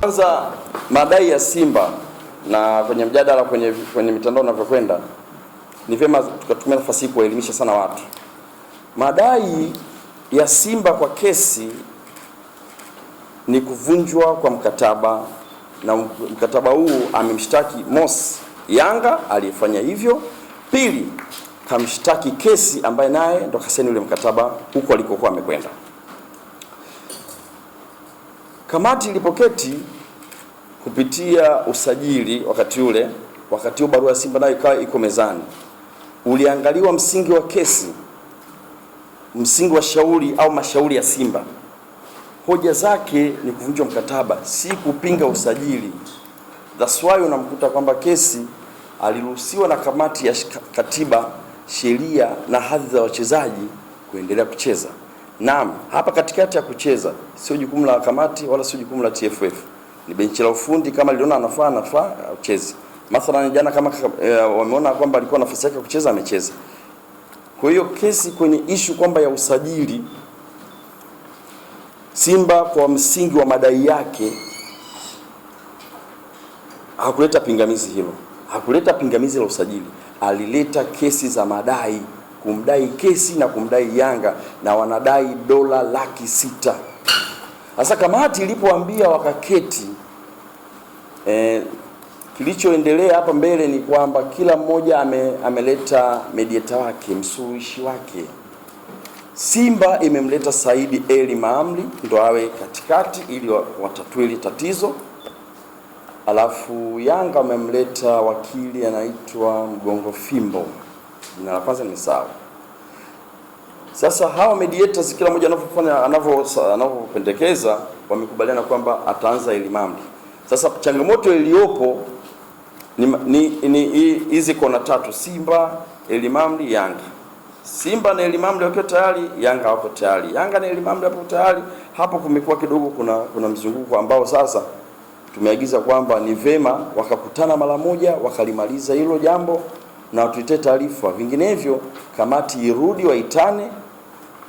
Kwanza madai ya Simba na kwenye mjadala kwenye, kwenye mitandao unavyokwenda, ni vyema tukatumia nafasi hii kuwaelimisha sana watu. Madai ya Simba kwa kesi ni kuvunjwa kwa mkataba, na mkataba huu amemshtaki mos Yanga aliyefanya hivyo. Pili, kamshtaki kesi ambaye naye ndo kasaini ule mkataba huko alikokuwa amekwenda. Kamati ilipoketi kupitia usajili wakati ule, wakati huo barua ya Simba nayo ikawa iko mezani, uliangaliwa msingi wa kesi, msingi wa shauri au mashauri ya Simba. Hoja zake ni kuvunjwa mkataba, si kupinga usajili. That's why unamkuta kwamba kesi aliruhusiwa na kamati ya katiba, sheria na hadhi za wachezaji kuendelea kucheza. Naam, hapa katikati ya kucheza sio jukumu la kamati wala sio jukumu la TFF ni benchi la ufundi kama liliona anafaa anafaa ucheze. Mathalan jana kama e, wameona kwamba alikuwa nafasi yake kucheza amecheza. Kwa hiyo kesi kwenye ishu kwamba ya usajili Simba kwa msingi wa madai yake hakuleta pingamizi hilo, hakuleta pingamizi la usajili. Alileta kesi za madai, kumdai kesi na kumdai Yanga, na wanadai dola laki sita. Sasa kamati ilipoambia wakaketi, eh, kilichoendelea hapa mbele ni kwamba kila mmoja ame, ameleta medieta wake msuluhishi wake. Simba imemleta Saidi Eli maamli ndo awe katikati ili watatue ile tatizo, alafu Yanga amemleta wakili anaitwa Mgongo Fimbo, jina la kwanza ni sawa sasa hawa mediators kila mmoja anavyofanya anavyopendekeza, wamekubaliana kwamba ataanza ilimamdi. Sasa changamoto iliyopo ni hizi kona tatu, Simba, Elimamli, Yanga. Simba na Elimamli wakiwa tayari, Yanga wapo tayari, Yanga na Elimamli wapo tayari. Hapo kumekuwa kidogo kuna kuna mzunguko ambao sasa tumeagiza kwamba ni vema wakakutana mara moja wakalimaliza hilo jambo na watuitee taarifa, vinginevyo kamati irudi waitane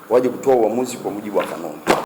waje kutoa uamuzi kwa mujibu wa kanuni.